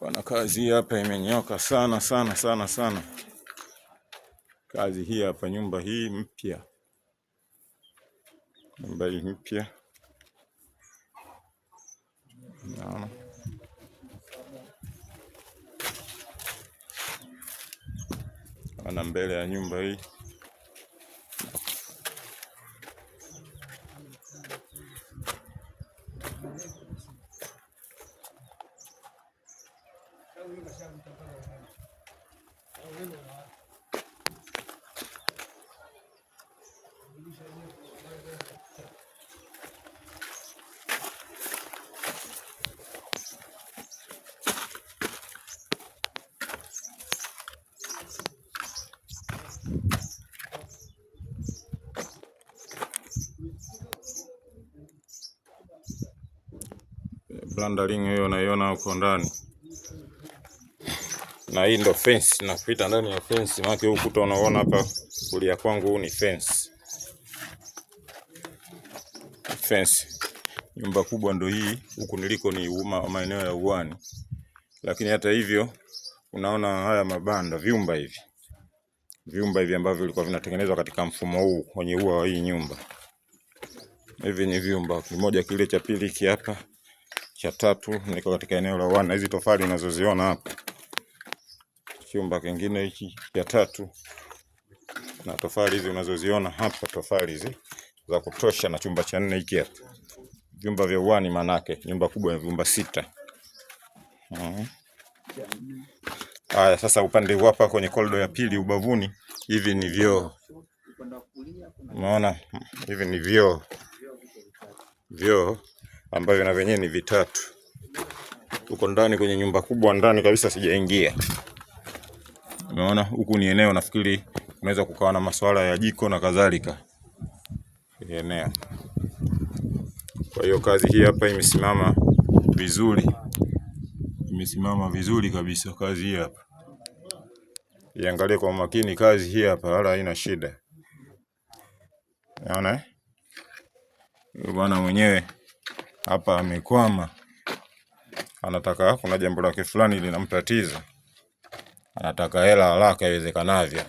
Bwana, kazi hii hapa imenyoka sana sana sana sana. Kazi hii hapa, nyumba hii mpya, nyumba hii mpya naona ana mbele ya nyumba hii Blanda hiyo unaiona huko ndani na hii ndo fence napita ndani ya fence, maana huku ukuta unaona hapa kulia kwangu huu ni fence. Fence. Nyumba kubwa ndo hii, huku niliko ni uma maeneo ya uwani, lakini hata hivyo unaona haya mabanda, vyumba hivi, vyumba hivi ambavyo vilikuwa vinatengenezwa katika mfumo huu kwenye ua wa hii nyumba. Hivi ni vyumba, kimoja kile, cha pili hiki hapa, cha tatu niko katika eneo la wana. hizi tofali unazoziona hapa chumba kingine hiki ya tatu, na tofali hizi unazoziona hapa, tofali hizi za kutosha, na chumba cha nne hiki hapa, vyumba vya uani, manake nyumba kubwa ya vyumba sita. Mhm. Haya, hmm. Sasa upande huu hapa kwenye korido ya pili ubavuni, hivi ni vyoo, unaona hivi ni vyoo vyoo ambavyo na vyenyewe ni vitatu. Tuko ndani kwenye nyumba kubwa, ndani kabisa sijaingia. Umeona, huku ni eneo nafikiri unaweza kukawa na masuala ya jiko na kadhalika eneo. Kwa hiyo kazi hii hapa imesimama vizuri, imesimama vizuri kabisa. Kazi hii hapa iangalie kwa makini, kazi hii hapa wala haina shida. Unaona eh? bwana mwenyewe hapa amekwama, anataka kuna jambo lake fulani linamtatiza anataka hela haraka iwezekanavyo.